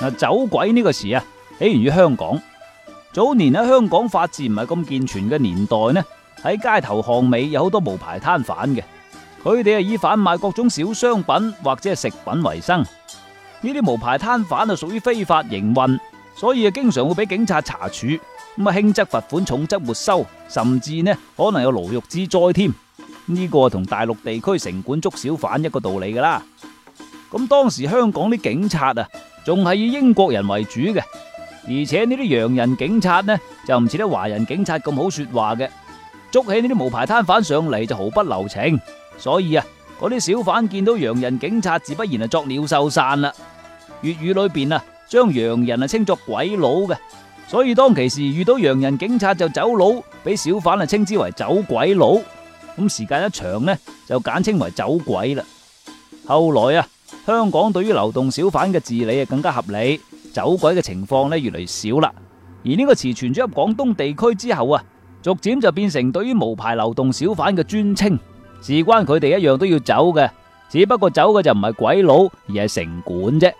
嗱，走鬼呢個詞啊，起源於香港。早年喺香港法治唔係咁健全嘅年代呢，喺街頭巷尾有好多無牌攤販嘅，佢哋係以販賣各種小商品或者係食品為生。呢啲無牌攤販啊屬於非法營運，所以啊經常會俾警察查處，咁啊輕則罰款，重則沒收，甚至呢可能有牢獄之災添。呢個同大陸地區城管捉小販一個道理噶啦。咁當時香港啲警察啊，仲係以英國人為主嘅，而且呢啲洋人警察呢就唔似得華人警察咁好說話嘅，捉起呢啲無牌攤販上嚟就毫不留情，所以啊，嗰啲小販見到洋人警察自不然係作鳥獸散啦。粵語裏邊啊，將洋人啊稱作鬼佬嘅，所以當其時遇到洋人警察就走佬，俾小販啊稱之為走鬼佬，咁時間一長呢就簡稱為走鬼啦。後來啊。香港對於流動小販嘅治理啊，更加合理，走鬼嘅情況咧越嚟越少啦。而呢個詞傳咗入廣東地區之後啊，逐漸就變成對於無牌流動小販嘅專稱，事關佢哋一樣都要走嘅，只不過走嘅就唔係鬼佬，而係城管啫。